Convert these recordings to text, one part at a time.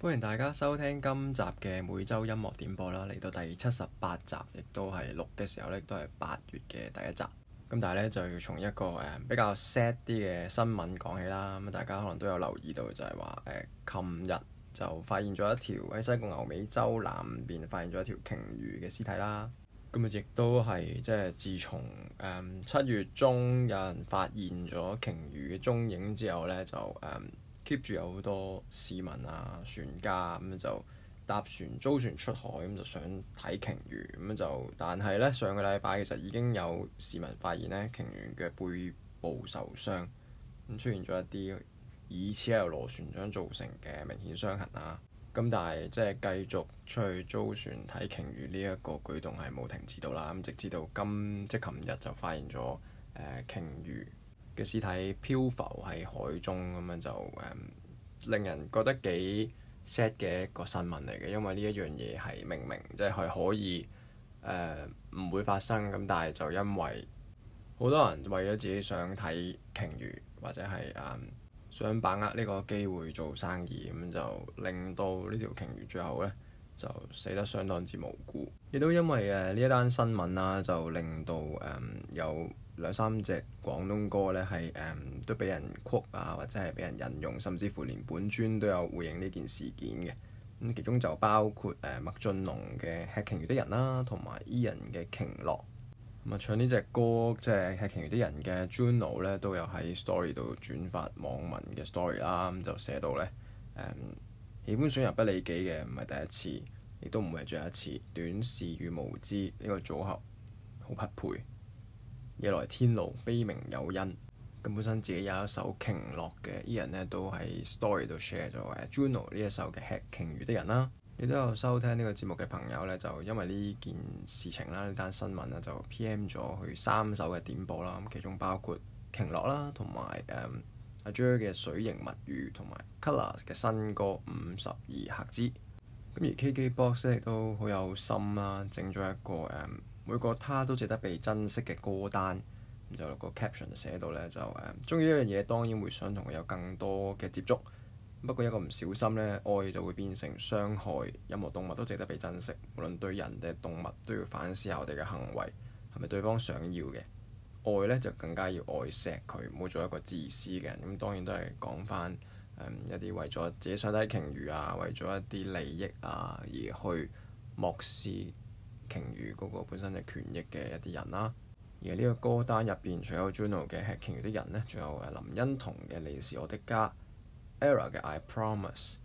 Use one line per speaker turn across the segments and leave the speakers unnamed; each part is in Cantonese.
歡迎大家收聽今集嘅每周音樂點播啦，嚟到第七十八集，亦都係錄嘅時候咧，都係八月嘅第一集。咁但係咧就要從一個誒、uh, 比較 sad 啲嘅新聞講起啦。咁大家可能都有留意到就，就係話誒，琴日就發現咗一條喺西貢牛尾洲南邊發現咗一條鯨魚嘅屍體啦。咁啊，亦都係即係自從誒七月中有人發現咗鯨魚嘅蹤影之後咧，就誒。Um, keep 住有好多市民啊，船家咁樣、嗯、就搭船租船出海咁、嗯、就想睇鯨魚。咁、嗯、就，但係呢上個禮拜其實已經有市民發現呢鯨魚嘅背部受傷，咁、嗯、出現咗一啲疑似係由螺旋槳造成嘅明顯傷痕啊。咁、嗯、但係即係繼續出去租船睇鯨魚呢一個舉動，係冇停止到啦。咁、嗯、直至到今即係琴日就發現咗誒、呃、鯨魚嘅屍體漂浮喺海中咁樣就誒、嗯，令人覺得幾 sad 嘅一個新聞嚟嘅，因為呢一樣嘢係明明即係、就是、可以誒唔、呃、會發生咁，但係就因為好多人為咗自己想睇鯨魚或者係誒、嗯、想把握呢個機會做生意咁，就令到呢條鯨魚最後呢就死得相當之無辜。亦都因為誒呢、啊、一單新聞啦、啊，就令到誒、嗯、有。兩三隻廣東歌咧係誒都俾人 quote 啊，或者係俾人引用，甚至乎連本尊都有回應呢件事件嘅。咁、嗯、其中就包括誒麥、嗯、浚龍嘅《吃鯨魚的人》啦、啊，同埋 Ian 嘅《鯨落》。咁、嗯、啊，唱呢隻歌即係《吃鯨魚的人》嘅 Juno 咧都有喺 story 度轉發網民嘅 story 啦。咁、嗯、就寫到咧誒、嗯，喜歡損人不利己嘅唔係第一次，亦都唔係最後一次。短視與無知呢、這個組合好匹配。夜來天路悲鳴有因，咁本身自己有一首鯨落嘅，啲人呢都喺 story 度 share 咗誒，Juno 呢一首嘅《吃鯨魚的人》啦。亦都有收聽呢個節目嘅朋友呢，就因為呢件事情啦，呢單新聞呢，就 PM 咗佢三首嘅點播啦。咁其中包括鯨落啦，同埋誒阿 Jer 嘅《水形物語》，同埋 Kolor 嘅新歌《五十二赫茲》。咁而 KKBOX 亦都好有心啦，整咗一個誒。Um, 每個他都值得被珍惜嘅歌單，咁就個 caption 就寫到呢。就誒鍾意一樣嘢，當然會想同佢有更多嘅接觸。不過一個唔小心呢，愛就會變成傷害。任何動物都值得被珍惜，無論對人定動物都要反思下我哋嘅行為係咪對方想要嘅愛呢，就更加要愛錫佢，唔好做一個自私嘅人。咁當然都係講返一啲為咗自己想睇鯨魚啊，為咗一啲利益啊而去漠視鯨魚嗰個本身嘅權益嘅一啲人啦，而呢個歌單入邊除有 JUNO 嘅《吃鯨魚的人》咧，仲有誒林欣彤嘅《你是我的家》，Era 嘅《I Promise》，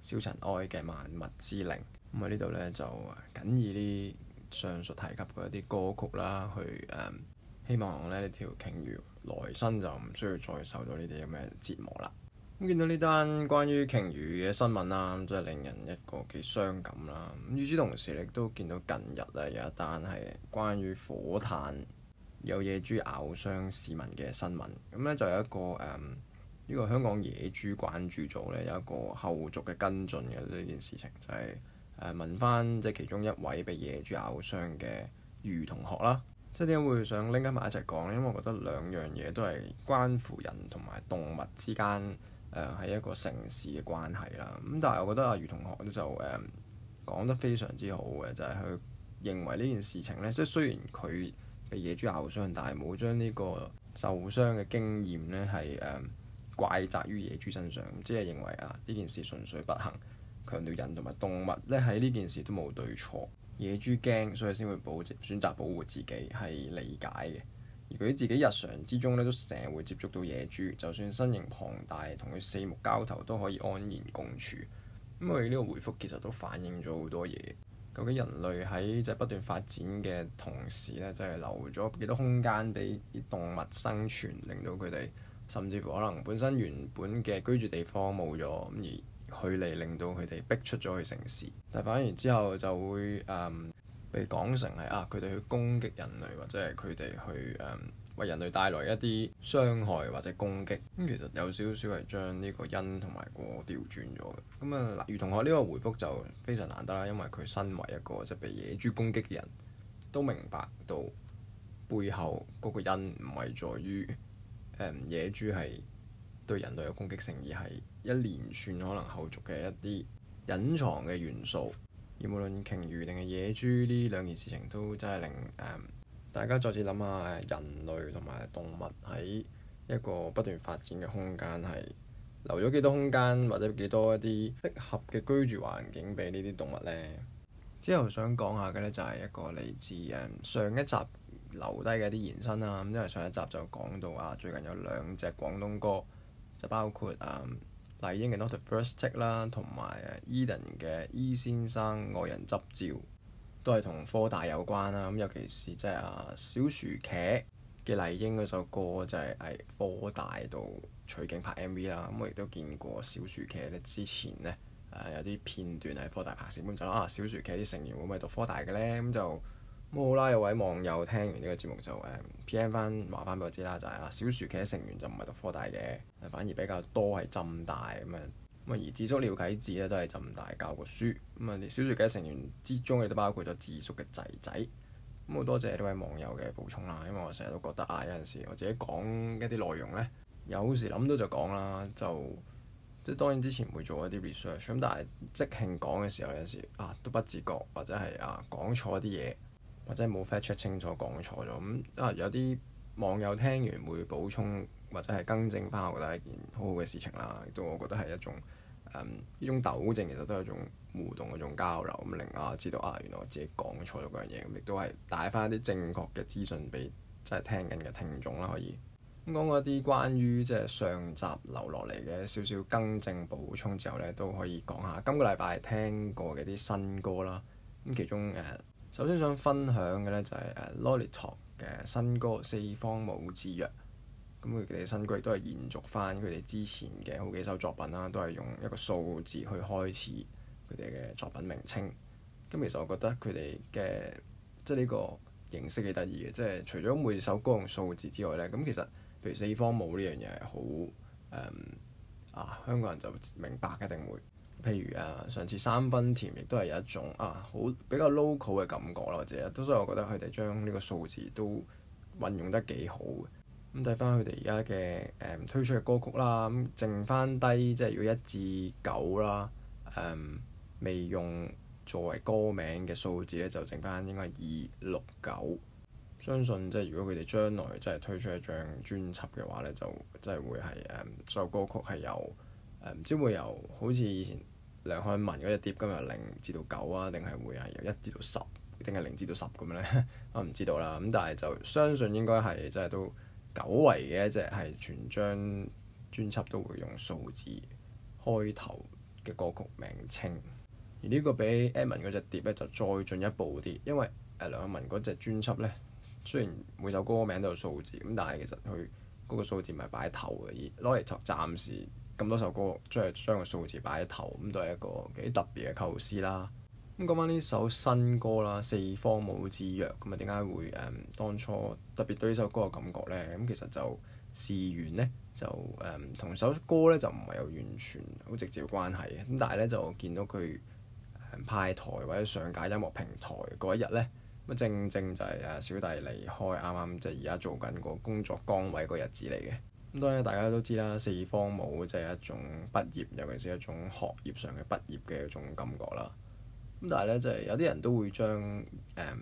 小塵埃嘅《萬物之靈》。咁啊、嗯、呢度咧就僅以啲上述提及嘅一啲歌曲啦，去誒、嗯、希望咧呢條鯨魚來生就唔需要再受到呢啲咁嘅折磨啦。咁見到呢單關於鯨魚嘅新聞啦，咁真係令人一個幾傷感啦。咁與此同時，亦都見到近日啊有一單係關於火炭有野豬咬傷市民嘅新聞。咁咧就有一個誒呢、嗯呢個香港野豬關注組咧有一個後續嘅跟進嘅呢件事情，就係、是、誒、呃、問翻即係其中一位被野豬咬傷嘅余同學啦。即係點解會想拎起埋一齊講咧？因為我覺得兩樣嘢都係關乎人同埋動物之間。誒係、呃、一個城市嘅關係啦，咁但係我覺得阿余同學咧就誒、呃、講得非常之好嘅，就係、是、佢認為呢件事情咧，即係雖然佢被野豬咬傷，但係冇將呢個受傷嘅經驗咧係誒怪責於野豬身上，即、就、係、是、認為啊呢件事純粹不幸，強調人同埋動物咧喺呢件事都冇對錯，野豬驚所以先會保選擇保護自己係理解嘅。而佢自己日常之中咧，都成日會接觸到野豬，就算身形龐大，同佢四目交投都可以安然共處。咁佢呢個回覆其實都反映咗好多嘢。究竟人類喺即係不斷發展嘅同時咧，即係留咗幾多空間俾啲動物生存，令到佢哋甚至乎可能本身原本嘅居住地方冇咗，咁而距離令到佢哋逼出咗去城市，但反而之後就會誒。嗯被講成係啊，佢哋去攻擊人類，或者係佢哋去誒、嗯、為人類帶來一啲傷害或者攻擊。咁、嗯、其實有少少係將呢個因同埋果調轉咗。咁、嗯、啊，余同學呢、呢個回覆就非常難得啦，因為佢身為一個即係被野豬攻擊嘅人，都明白到背後嗰個因唔係在於誒、嗯、野豬係對人類有攻擊性，而係一連串可能後續嘅一啲隱藏嘅元素。無論鯨魚定係野豬，呢兩件事情都真係令、嗯、大家再次諗下，人類同埋動物喺一個不斷發展嘅空間，係留咗幾多空間或者幾多一啲適合嘅居住環境俾呢啲動物呢？之後想講下嘅呢，就係一個嚟自、嗯、上一集留低嘅啲延伸啦、嗯。因為上一集就講到啊，最近有兩隻廣東歌，就包括誒。嗯麗英嘅 Not the First Take 啦，同埋 Eden 嘅 E 先生愛人執照，都係同科大有關啦。咁尤其是即係啊小薯茄嘅麗英嗰首歌就係喺科大度取景拍 MV 啦、啊。咁我亦都見過小薯茄咧之前咧誒、啊、有啲片段喺科大拍攝。咁就啊小薯茄啲成員會唔會讀科大嘅咧？咁就。嗯、好啦！有位網友聽完呢個節目就誒 P.M. 翻話翻俾我知啦，就係啊、嗯就是，小樹其嘅成員就唔係讀科大嘅，反而比較多係浸大咁啊。咁、嗯、啊，而智叔廖啟智咧都係浸大教過書咁啊。嗯、小樹其嘅成員之中亦都包括咗智叔嘅仔仔咁。好、嗯、多謝呢位網友嘅補充啦，因為我成日都覺得啊，有陣時我自己講一啲內容呢，有時諗到就講啦，就即係當然之前唔會做一啲 research 咁，但係即興講嘅時候有時啊都不自覺或者係啊講錯一啲嘢。或者冇 fetch 清楚講錯咗咁啊，有啲網友聽完會補充或者係更正翻，我覺得係一件好好嘅事情啦，亦都我覺得係一種誒呢、嗯、種糾正，其實都係一種互動嘅種交流，咁令我知道啊，原來我自己講錯咗嗰樣嘢，咁、嗯、亦都係帶翻一啲正確嘅資訊俾即係聽緊嘅聽眾啦，可以咁、嗯、講過一啲關於即係上集留落嚟嘅少少更正補充之後咧，都可以講下今個禮拜聽過嘅啲新歌啦，咁、嗯、其中誒。Uh, 首先想分享嘅咧就係誒 Lolly Talk 嘅新歌《四方帽之約》，咁佢哋新歌亦都係延續翻佢哋之前嘅好幾首作品啦，都係用一個數字去開始佢哋嘅作品名稱。咁其實我覺得佢哋嘅即係呢個形式幾得意嘅，即係除咗每首歌用數字之外咧，咁其實譬如《四方帽》呢樣嘢係好誒啊，香港人就明白嘅一定會。譬如啊，上次三分甜亦都係一種啊，好比較 local 嘅感覺咯，或者都，所以我覺得佢哋將呢個數字都運用得幾好。咁睇翻佢哋而家嘅誒推出嘅歌曲啦，咁剩翻低即係如果一至九啦，誒、嗯、未用作為歌名嘅數字咧，就剩翻應該二六九。相信即係如果佢哋將來即係推出一張專輯嘅話咧，就即係會係誒、嗯、所有歌曲係有誒唔知會有好似以前。梁漢文嗰隻碟今日零至到九啊，定係會係由一至到十，定係零至到十咁咧，我唔知道啦。咁但係就相信應該係真係都久違嘅一隻係全張專輯都會用數字開頭嘅歌曲名稱。而呢個比 Edmond 嗰隻碟咧就再進一步啲，因為誒梁漢文嗰隻專輯咧雖然每首歌名都有數字，咁但係其實佢嗰個數字唔係擺頭嘅，而攞嚟作暫時。咁多首歌，即係將個數字擺喺頭，咁都係一個幾特別嘅構思啦。咁講翻呢首新歌啦，《四方帽之約》咁啊，點解會誒當初特別對呢首歌嘅感覺咧？咁其實就事緣咧，就誒同、嗯、首歌咧就唔係有完全好直接嘅關係嘅。咁但係咧就見到佢派台或者上架音樂平台嗰一日咧，咁正正就係阿小弟離開啱啱即係而家做緊個工作崗位個日子嚟嘅。咁當然大家都知啦，四方帽即係一種畢業，尤其係一種學業上嘅畢業嘅一種感覺啦。咁但係咧，即、就、係、是、有啲人都會將誒、嗯，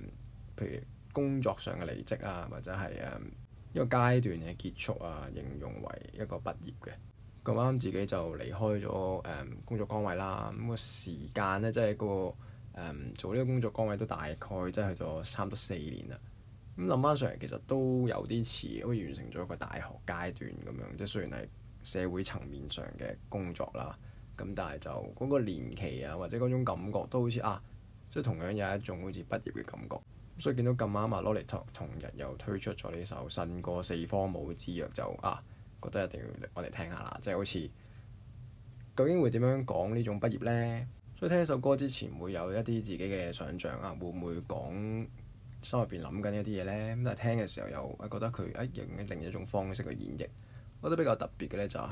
譬如工作上嘅離職啊，或者係誒、嗯、一個階段嘅結束啊，形容為一個畢業嘅。咁啱自己就離開咗誒、嗯、工作崗位啦。咁、那個時間咧，即、就、係、是那個誒、嗯、做呢個工作崗位都大概即係去咗差唔多四年啦。咁諗翻上嚟，其實都有啲似好似完成咗一個大學階段咁樣，即係雖然係社會層面上嘅工作啦，咁但係就嗰個年期啊，或者嗰種感覺都好似啊，即係同樣有一種好似畢業嘅感覺。所以見到咁啱啊，Lolly 同日又推出咗呢首新歌《四方帽之約》，就啊，覺得一定要我哋聽下啦，即係好似究竟會點樣講呢種畢業呢？所以聽呢首歌之前會有一啲自己嘅想像啊，會唔會講，心入邊諗緊一啲嘢咧，咁但係聽嘅時候又係覺得佢一樣另一種方式去演繹。覺得比較特別嘅咧就係誒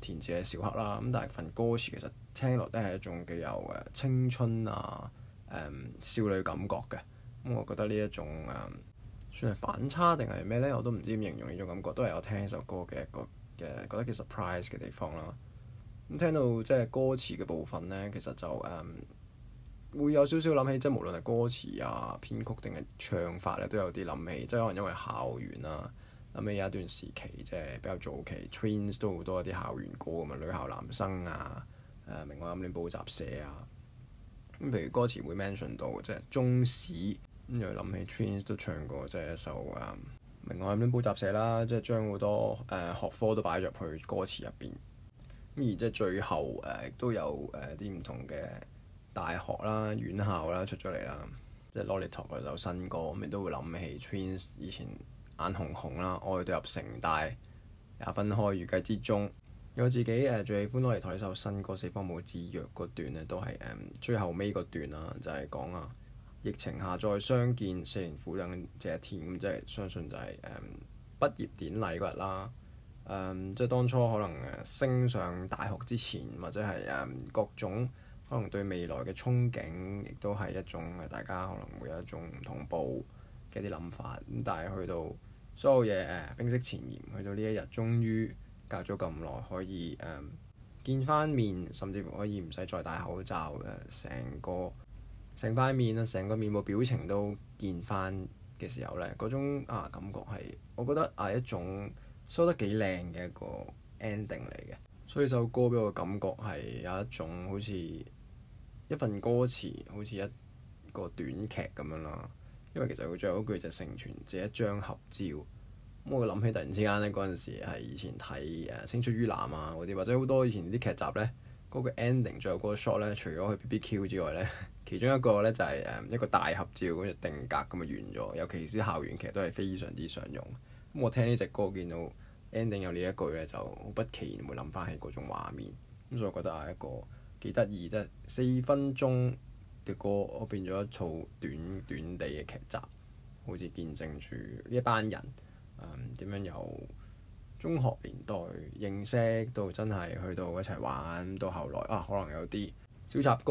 填詞嘅小克啦，咁但係份歌詞其實聽落都係一種幾有誒青春啊、嗯、少女感覺嘅。咁、嗯、我覺得呢一種誒、嗯、算係反差定係咩咧？我都唔知點形容呢種感覺，都係我聽呢首歌嘅一個嘅覺得幾 surprise 嘅地方啦。咁、嗯、聽到即係歌詞嘅部分咧，其實就誒。嗯會有少少諗起，即係無論係歌詞啊、編曲定係唱法咧，都有啲諗起。即係可能因為校園啦、啊，諗起有一段時期即係比較早期，Twins 都好多一啲校園歌㗎嘛，女校男生啊，誒明愛暗戀補習社啊。咁、嗯、譬如歌詞會 mention 到即係中史，咁又諗起 Twins 都唱過即係一首啊，明愛暗戀補習社啦，即係將好多誒、呃、學科都擺入去歌詞入邊。咁、嗯、而即係最後誒亦、呃、都有誒啲唔同嘅。大學啦、院校啦出咗嚟啦，即係 Lolly Talk 嗰首新歌，咪都會諗起 Twins 以前眼紅紅啦，我哋入城大也分開預計之中。有自己誒、呃、最喜歡 Lolly Talk 呢首新歌《四方帽之約》嗰段咧，都係誒、嗯、最後尾嗰段啦、啊，就係、是、講啊疫情下再相見，四年苦等這一天，咁即係相信就係誒畢業典禮嗰日啦。嗯、即係當初可能升上大學之前，或者係誒、嗯、各種。可能對未來嘅憧憬，亦都係一種大家可能會有一種唔同步嘅啲諗法。但係去到所有嘢、呃、冰釋前嫌，去到呢一日終於隔咗咁耐可以誒、呃、見翻面，甚至可以唔使再戴口罩嘅成個成塊面啊，成個面部表情都見翻嘅時候呢，嗰種啊感覺係我覺得係一種收得幾靚嘅一個 ending 嚟嘅。所以首歌俾我嘅感覺係有一種好似～一份歌詞好似一個短劇咁樣啦，因為其實佢最後嗰句就成全這一張合照。咁我諗起突然之間呢，嗰陣時係以前睇誒、啊《青出於藍》啊嗰啲，或者好多以前啲劇集呢，嗰、那個 ending 最後嗰個 shot 呢，除咗去 BBQ 之外呢，其中一個呢就係、是、誒、啊、一個大合照跟住定格咁就完咗。尤其是啲校園劇都係非常之常用。咁我聽呢隻歌見到 ending 有呢一句呢，就好不期然會諗翻起嗰種畫面。咁所以我覺得係一個。幾得意啫！四分鐘嘅歌，我變咗一套短短地嘅劇集，好似見證住呢一班人，誒、嗯、點樣由中學年代認識到真係去到一齊玩，到後來啊可能有啲小插曲，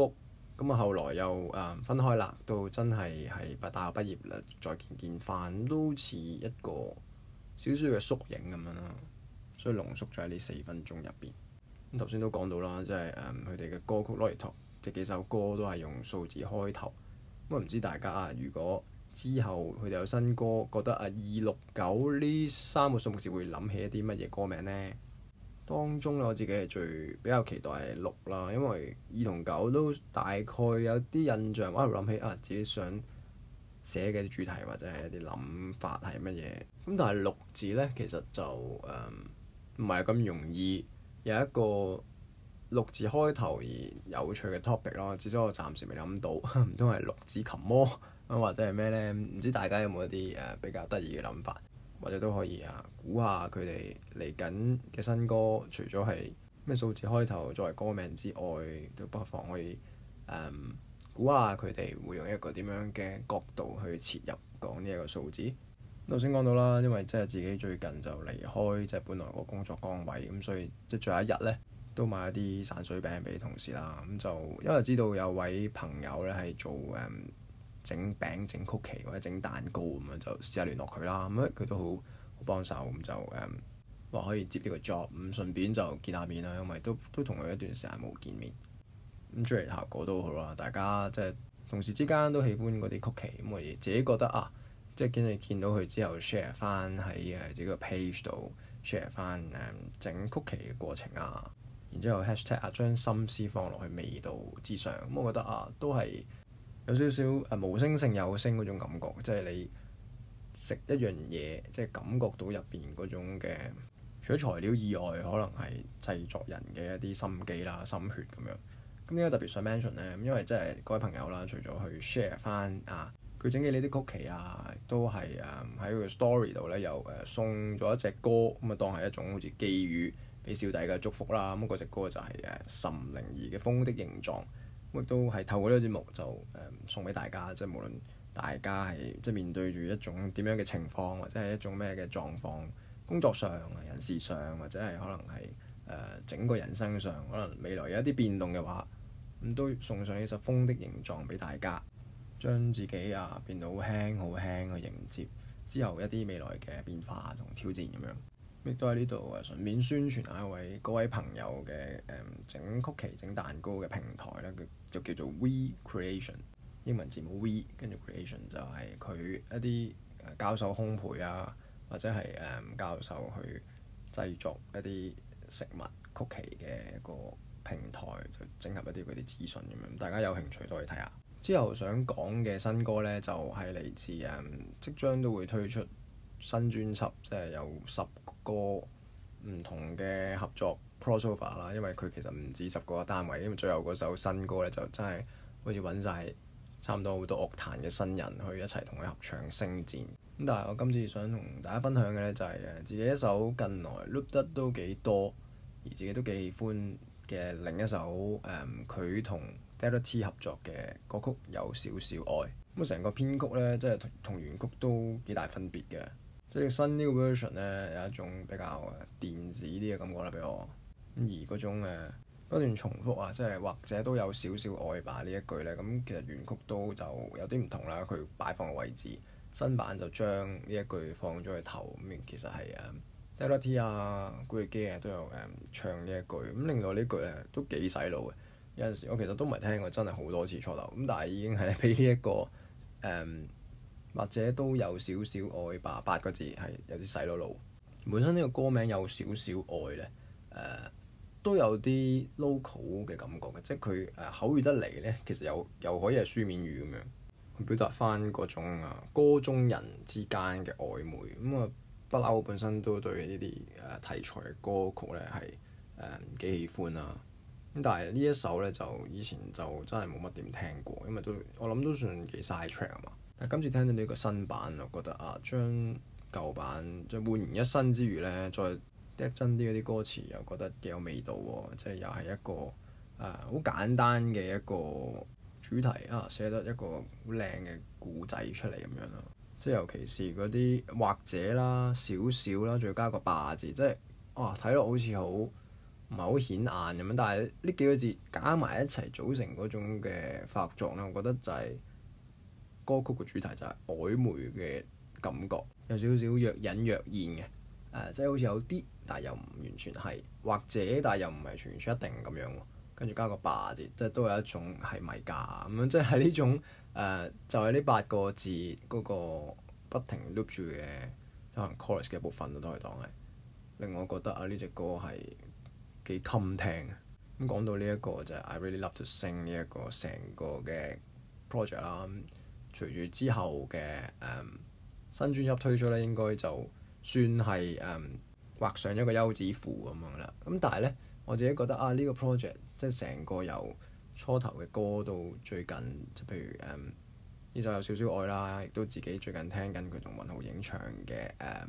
咁啊後來又誒、嗯、分開啦，到真係係大大學畢業啦，再見見飯，都似一個小小嘅縮影咁樣啦，所以濃縮咗喺呢四分鐘入邊。頭先都講到啦，即係誒佢哋嘅歌曲 logo，即幾首歌都係用數字開頭。咁啊，唔知大家啊，如果之後佢哋有新歌，覺得啊二六九呢三個數目字會諗起一啲乜嘢歌名呢？當中咧，我自己係最比較期待係六啦，因為二同九都大概有啲印象，可能諗起啊自己想寫嘅主題或者係一啲諗法係乜嘢。咁但係六字呢，其實就唔係咁容易。有一個六字開頭而有趣嘅 topic 咯，至少我暫時未諗到，唔通係六字琴魔或者係咩呢？唔知大家有冇一啲誒比較得意嘅諗法，或者都可以啊，估下佢哋嚟緊嘅新歌，除咗係咩數字開頭作為歌名之外，都不妨可以估下佢哋會用一個點樣嘅角度去切入講呢一個數字。頭先講到啦，因為即係自己最近就離開即係本來個工作崗位，咁所以即係最後一日呢，都買一啲散水餅俾同事啦。咁就因為知道有位朋友呢係做誒整、嗯、餅整曲奇或者整蛋糕咁樣，就試下聯絡佢啦。咁咧佢都好好幫手，咁就誒話、嗯、可以接呢個 job，咁順便就見下面啦，因為都都同佢一段時間冇見面。咁、嗯、出嚟效果都好啊，大家即係同事之間都喜歡嗰啲曲奇，咁我自己覺得啊～即係見你見到佢之後，share 翻喺誒自己個 page 度，share 翻誒整曲奇嘅過程啊。然之後 hashtag 啊，將心思放落去味道之上。咁我覺得啊，都係有少少誒無聲勝有聲嗰種感覺。即係你食一樣嘢，即係感覺到入邊嗰種嘅除咗材料以外，可能係製作人嘅一啲心機啦、心血咁樣。咁呢個特別想 mention 咧，咁因為即係各位朋友啦，除咗去 share 翻啊。佢整嘅呢啲曲奇啊，都係啊喺佢個 story 度咧，又誒、呃、送咗一隻歌咁啊、嗯，當係一種好似寄語俾小弟嘅祝福啦。咁嗰隻歌就係、是、誒、呃《岑寧兒》嘅《風的形狀》，嗯，咁亦都係透過呢個節目就誒、嗯、送俾大家，即係無論大家係即係面對住一種點樣嘅情況，或者係一種咩嘅狀況，工作上、人事上，或者係可能係誒、呃、整個人生上，可能未來有一啲變動嘅話，咁、嗯、都送上呢首《風的形狀》俾大家。將自己啊，變到好輕好輕，去迎接之後一啲未來嘅變化同挑戰咁樣，亦都喺呢度誒順便宣傳一下一位各位朋友嘅誒整曲奇、整蛋糕嘅平台咧，佢就叫做 We Creation，英文字母 We 跟住 Creation 就係佢一啲教授烘焙啊，或者係誒、嗯、教授去製作一啲食物曲奇嘅一個平台，就整合一啲佢啲資訊咁樣，大家有興趣都可以睇下。之後想講嘅新歌呢，就係、是、嚟自誒，即將都會推出新專輯，即、就、係、是、有十個唔同嘅合作 crossover 啦。因為佢其實唔止十個單位，因咁最後嗰首新歌呢，就真係好似揾晒差唔多好多樂壇嘅新人去一齊同佢合唱星戰。咁但係我今次想同大家分享嘅呢、就是，就係自己一首近來 loop 得都幾多，而自己都幾喜歡。嘅另一首誒，佢同 Delta T 合作嘅歌曲有少少愛，咁成個編曲呢，即係同原曲都幾大分別嘅，即係新呢個 version 呢，有一種比較電子啲嘅感覺啦，俾我。而嗰種誒不斷重複啊，即係或者都有少少愛吧呢一句呢，咁其實原曲都就有啲唔同啦，佢擺放嘅位置，新版就將呢一句放咗去頭，咁其實係啊。L.O.T 啊，古巨基啊都有誒、嗯、唱呢一句咁，另外呢句咧都幾洗腦嘅。有陣時我其實都唔係聽過，真係好多次錯漏咁，但係已經係俾呢一個誒、嗯，或者都有少少愛吧。八個字係有啲洗腦腦。本身呢個歌名有少少愛咧，誒、呃、都有啲 local 嘅感覺嘅，即係佢誒口語得嚟咧，其實又又可以係書面語咁樣去表達翻嗰種啊歌中人之間嘅曖昧咁啊。嗯呃不嬲，本身都對呢啲誒題材歌曲咧係誒幾喜歡啊。咁但係呢一首咧就以前就真係冇乜點聽過，因為都我諗都算幾嘥 track 啊嘛。但今次聽到呢個新版，我覺得啊，將舊版再係換完一身之餘咧，再 add 真啲嗰啲歌詞，又覺得幾有味道喎。即係又係一個誒好、啊、簡單嘅一個主題啊，寫得一個好靚嘅故仔出嚟咁樣啦。即係尤其是嗰啲或者啦，少少啦，再加個霸字，即係啊，睇落好似好唔係好顯眼咁樣，但係呢幾個字加埋一齊組成嗰種嘅發作咧，我覺得就係、是、歌曲嘅主題就係曖昧嘅感覺，有少少若隱若現嘅誒、呃，即係好似有啲，但係又唔完全係或者，但係又唔係完全一定咁樣。跟住加個八字，即係都有一種係咪假咁樣，即係呢種誒，uh, 就係呢八個字嗰、那個不停 loop 住嘅可能 chorus 嘅部分咯，都可以當係令我覺得啊呢隻歌係幾襟聽咁講、嗯、到呢、這、一個就係、是、I Really Love To Sing 呢一個成個嘅 project 啦。隨、嗯、住之後嘅誒、嗯、新專輯推出咧，應該就算係誒畫上一個休止符咁樣啦。咁、嗯、但係咧我自己覺得啊呢、這個 project。即係成個由初頭嘅歌到最近，即譬如《嗯呢首有少少愛》啦，亦都自己最近聽緊佢同雲浩影唱嘅《誒、嗯、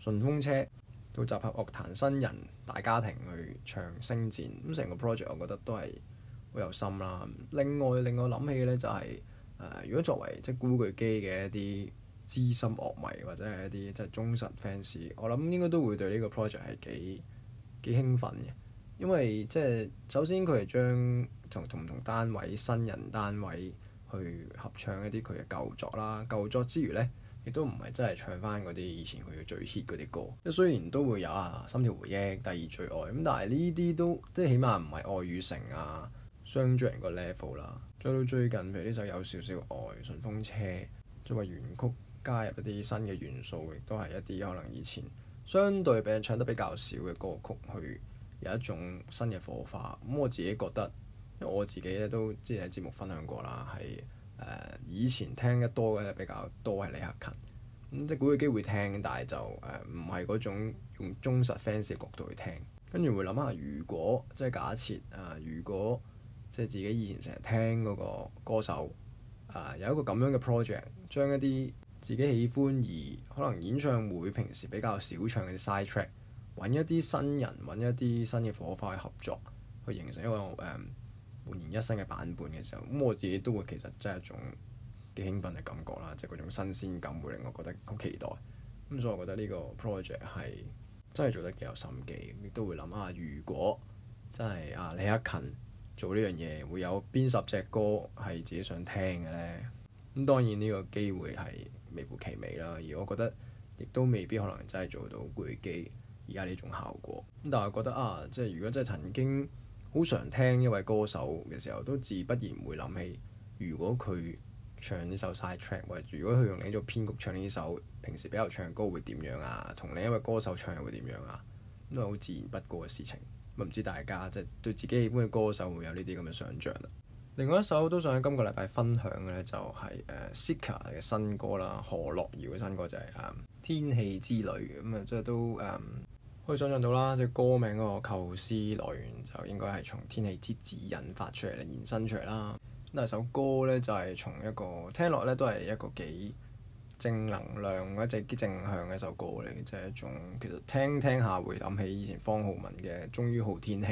順風車》，到集合樂壇新人大家庭去唱《星戰》。咁成個 project 我覺得都係好有心啦。另外令我諗起嘅咧就係、是、誒、呃，如果作為即係古巨基嘅一啲資深樂迷或者係一啲即係忠實 fans，我諗應該都會對呢個 project 係幾幾興奮嘅。因為即係首先佢係將同同唔同單位新人單位去合唱一啲佢嘅舊作啦。舊作之餘呢，亦都唔係真係唱翻嗰啲以前佢嘅最 hit 嗰啲歌。即雖然都會有啊《心跳回憶》、《第二最愛》咁，但係呢啲都即係起碼唔係愛與誠啊、傷追人個 level 啦。再到最近譬如呢首有少少愛《順風車》，作為原曲加入一啲新嘅元素，亦都係一啲可能以前相對俾人唱得比較少嘅歌曲去。有一種新嘅火花，咁我自己覺得，因為我自己咧都之前喺節目分享過啦，係誒、呃、以前聽得多嘅比較多係李克勤，咁即係古巨基會聽，但係就誒唔係嗰種用忠實 fans 嘅角度去聽，跟住會諗下，如果即係假設啊、呃，如果即係自己以前成日聽嗰個歌手啊、呃，有一個咁樣嘅 project，將一啲自己喜歡而可能演唱會平時比較少唱嘅啲 side track。揾一啲新人，揾一啲新嘅火花去合作，去形成一個誒、um，換然一新嘅版本嘅時候，咁我自己都會其實真係一種幾興奮嘅感覺啦，即係嗰種新鮮感會令我覺得好期待。咁所以我覺得呢個 project 係真係做得幾有心機，亦都會諗下如果真係啊李克勤做呢樣嘢，會有邊十隻歌係自己想聽嘅呢？咁當然呢個機會係微乎其微啦，而我覺得亦都未必可能真係做到攰機。而家呢種效果咁，但係覺得啊，即係如果真係曾經好常聽一位歌手嘅時候，都自不然會諗起，如果佢唱呢首 side track，或者如果佢用另一種編曲唱呢首平時比較唱嘅歌會點樣啊？同另一位歌手唱又會點樣啊？都係好自然不過嘅事情。咁唔知大家即係、就是、對自己喜歡嘅歌手會有呢啲咁嘅想像啦。另外一首都想喺今個禮拜分享嘅咧，就係誒 Sica 嘅新歌啦，何洛瑤嘅新歌就係、是《uh, 天氣之女》咁、嗯、啊，即係都誒。Um, 可以想象到啦，即係歌名個構思來源就應該係從天氣之子引發出嚟嚟延伸出嚟啦。咁首歌呢，就係、是、從一個聽落咧都係一個幾正能量、一隻正向嘅一首歌嚟嘅，即、就、係、是、一種其實聽聽下回諗起以前方皓玟嘅《終於好天氣》。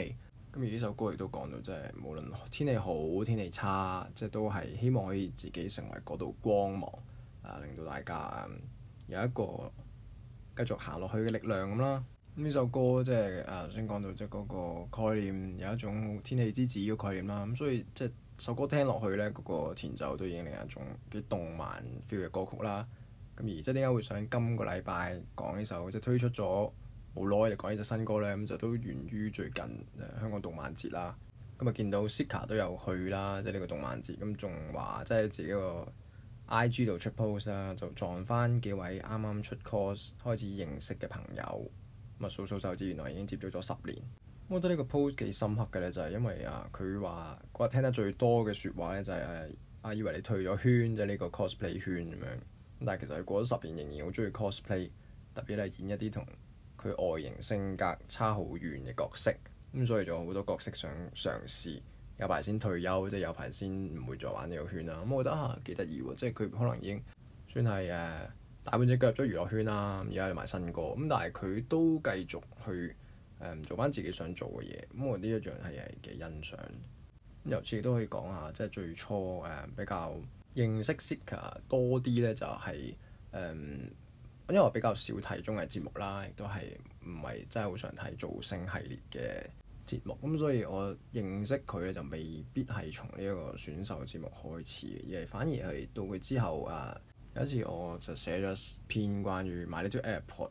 咁而呢首歌亦都講到、就是，即係無論天氣好天氣差，即、就、係、是、都係希望可以自己成為嗰道光芒啊，令到大家有一個繼續行落去嘅力量咁啦。呢首歌即係誒，頭先、啊、講到即係嗰個概念有一種《天氣之子》嘅概念啦。咁所以即係首歌聽落去咧，嗰、那個前奏都已經另一種幾動漫 feel 嘅歌曲啦。咁而即係點解會想今個禮拜講呢首即係、就是、推出咗冇耐就講呢隻新歌咧？咁就都源於最近誒、就是、香港動漫節啦。咁啊，見到 Sica 都有去啦，即係呢個動漫節咁，仲話即係自己個 I G 度出 post 啦、啊，就撞翻幾位啱啱出 cos 開始認識嘅朋友。數數手指，原來已經接觸咗十年。我覺得呢個 post 幾深刻嘅咧，就係因為啊，佢話嗰日聽得最多嘅説話咧，就係、是、誒，啊以為你退咗圈即啫，呢、這個 cosplay 圈咁樣。但係其實佢過咗十年，仍然好中意 cosplay，特別係演一啲同佢外形性格差好遠嘅角色。咁、嗯、所以仲有好多角色想嘗試。有排先退休，即係有排先唔會再玩呢個圈啦。咁、嗯、我覺得啊，幾得意喎！即係佢可能已經算係誒。啊大半隻腳入咗娛樂圈啦，而家有埋新歌，咁但係佢都繼續去、嗯、做翻自己想做嘅嘢，咁我呢一樣係係幾欣賞。咁由此亦都可以講下，即係最初誒、嗯、比較認識 Sica 多啲呢、就係，就係誒因為我比較少睇綜藝節目啦，亦都係唔係真係好想睇造星系列嘅節目，咁所以我認識佢咧就未必係從呢一個選秀節目開始嘅，而係反而係到佢之後誒。啊有一次，我就寫咗篇關於 My Little Airport 誒，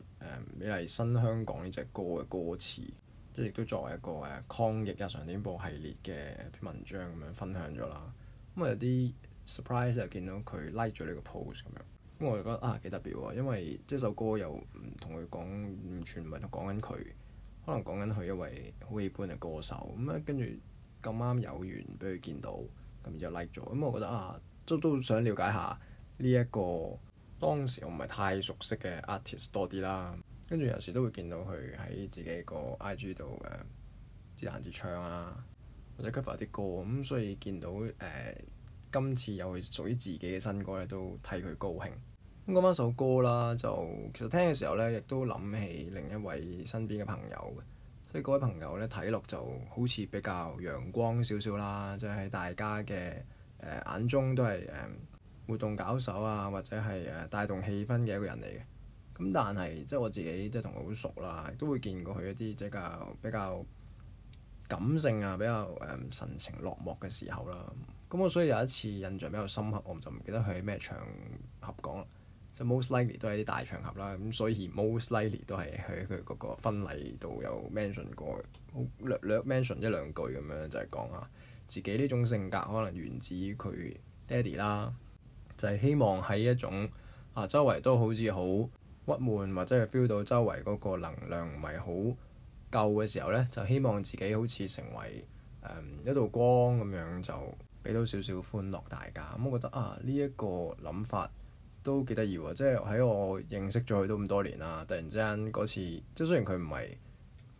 美麗新香港呢隻歌嘅歌詞，即係亦都作為一個誒、uh, 抗疫日常點播系列嘅篇、uh, 文章咁樣分享咗啦。咁啊有啲 surprise 就見到佢 like 咗呢個 post 咁樣，咁我就覺得啊幾特別喎，因為即首歌又唔同佢講，完全唔係講緊佢，可能講緊佢一位好喜歡嘅歌手咁啊。跟住咁啱有緣俾佢見到，咁就 like 咗。咁我覺得啊，都都想了解下。呢一、這個當時我唔係太熟悉嘅 artist 多啲啦，跟住有時都會見到佢喺自己個 IG 度誒、啊、自彈自唱啊，或者 cover 啲歌咁、嗯，所以見到誒、呃、今次有佢屬於自己嘅新歌咧，都替佢高興。講、嗯、翻首歌啦，就其實聽嘅時候咧，亦都諗起另一位身邊嘅朋友嘅，所以嗰位朋友咧睇落就好似比較陽光少少啦，即、就、係、是、大家嘅誒、呃、眼中都係誒。呃活動搞手啊，或者係誒帶動氣氛嘅一個人嚟嘅。咁但係即係我自己，即係同佢好熟啦，都會見過佢一啲比較比較感性啊，比較誒神情落寞嘅時候啦。咁我所以有一次印象比較深刻，我就唔記得佢喺咩場合講啦。即係 most likely 都係啲大場合啦，咁所以 most likely 都係喺佢嗰個婚禮度有 mention 過，略略 mention 一兩句咁樣就係講下自己呢種性格可能源自於佢爹哋啦。就係希望喺一種啊，周圍都好似好鬱悶，或者係 feel 到周圍嗰個能量唔係好夠嘅時候呢，就希望自己好似成為、嗯、一道光咁樣，就俾到少少歡樂大家。咁、嗯、我覺得啊，呢、這、一個諗法都幾得意喎！即係喺我認識咗佢都咁多年啦，突然之間嗰次，即係雖然佢唔係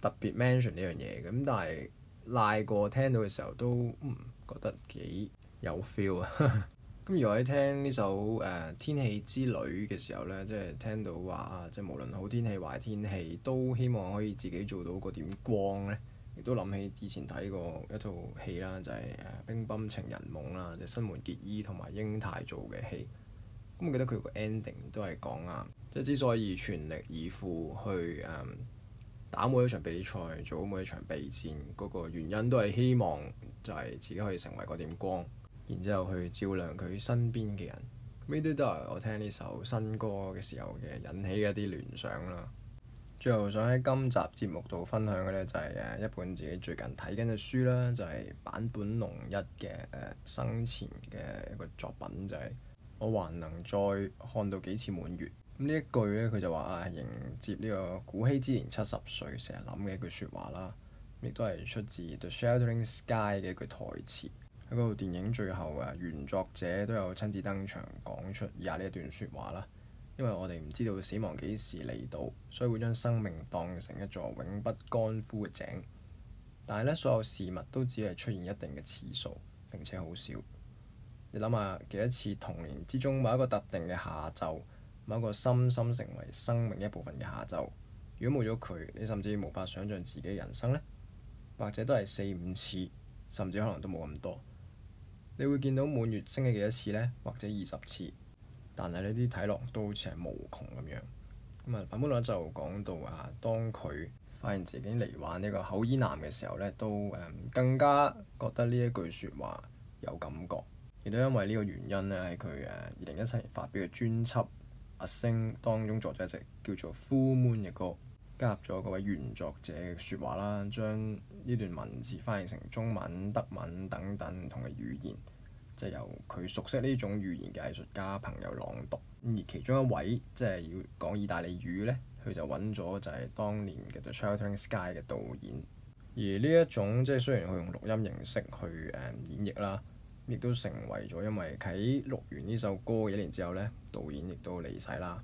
特別 mention 呢樣嘢咁，但係賴過聽到嘅時候都嗯覺得幾有 feel 啊！ 咁如果喺聽呢首誒《天氣之女》嘅時候呢，即係聽到話即係無論好天氣壞天氣，都希望可以自己做到個點光呢亦都諗起以前睇過一套戲啦，就係、是、誒《乒乓情人夢》啦，即、就、係、是、新垣結衣同埋瑛太做嘅戲。咁我記得佢個 ending 都係講啊，即係之所以全力以赴去誒打每一場比賽、做每一場備戰嗰、那個原因，都係希望就係自己可以成為個點光。然之後去照亮佢身邊嘅人，咁呢啲都係我聽呢首新歌嘅時候嘅引起嘅一啲聯想啦。最後想喺今集節目度分享嘅呢，就係誒一本自己最近睇緊嘅書啦，就係、是、版本龍一嘅、呃、生前嘅一個作品就係、是《我還能再看到幾次滿月》。咁呢一句呢，佢就話啊迎接呢個古希之年，七十歲成日諗嘅一句説話啦，亦都係出自《The s h a t t e r i n g Sky》嘅一句台詞。喺嗰部電影最後啊，原作者都有親自登場講出以下呢一段説話啦。因為我哋唔知道死亡幾時嚟到，所以會將生命當成一座永不乾枯嘅井。但係咧，所有事物都只係出現一定嘅次數，並且好少。你諗下幾多次童年之中某一個特定嘅下晝，某一個深深成為生命一部分嘅下晝。如果冇咗佢，你甚至無法想像自己嘅人生咧，或者都係四五次，甚至可能都冇咁多。你會見到滿月升起幾多次呢？或者二十次，但係呢啲睇落都好似係無窮咁樣。咁啊，坂本龍一就講到啊，當佢發現自己罹患呢個口咽癌嘅時候呢，都誒更加覺得呢一句説話有感覺。亦都因為呢個原因呢，喺佢誒二零一七年發表嘅專輯《阿星》當中，作咗一隻叫做《Full Moon》嘅歌。加入咗嗰位原作者嘅説話啦，將呢段文字翻譯成中文、德文等等唔同嘅語言，即係由佢熟悉呢種語言嘅藝術家朋友朗讀。而其中一位即係要講意大利語咧，佢就揾咗就係當年嘅《The Sheltering Sky》嘅導演。而呢一種即係雖然佢用錄音形式去誒演繹啦，亦都成為咗，因為喺錄完呢首歌一年之後咧，導演亦都離世啦。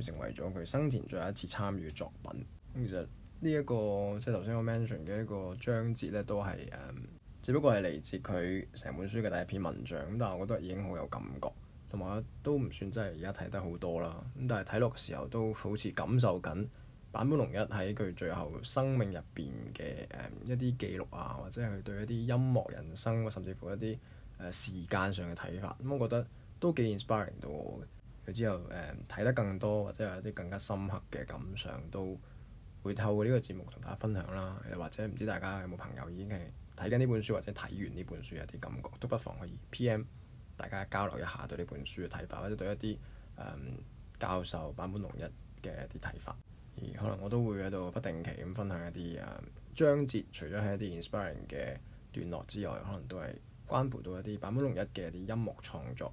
成為咗佢生前最後一次參與作品。咁其實呢、這、一個即係頭先我 mention 嘅一個章節咧，都係誒、嗯，只不過係嚟自佢成本書嘅第一篇文章。咁但係我覺得已經好有感覺，同埋都唔算真係而家睇得好多啦。咁但係睇落嘅時候都好似感受緊坂本龍一喺佢最後生命入邊嘅誒一啲記錄啊，或者係佢對一啲音樂人生，甚至乎一啲誒、呃、時間上嘅睇法。咁、嗯、我覺得都幾 inspiring 到我佢之後誒睇、嗯、得更多，或者有一啲更加深刻嘅感想，都會透過呢個節目同大家分享啦。又或者唔知大家有冇朋友已經係睇緊呢本書，或者睇完呢本書有啲感覺，都不妨可以 PM 大家交流一下對呢本書嘅睇法，或者對一啲誒、嗯、教授坂本龍一嘅一啲睇法。而可能我都會喺度不定期咁分享一啲誒、嗯、章節，除咗係一啲 inspiring 嘅段落之外，可能都係關乎到一啲坂本龍一嘅一啲音樂創作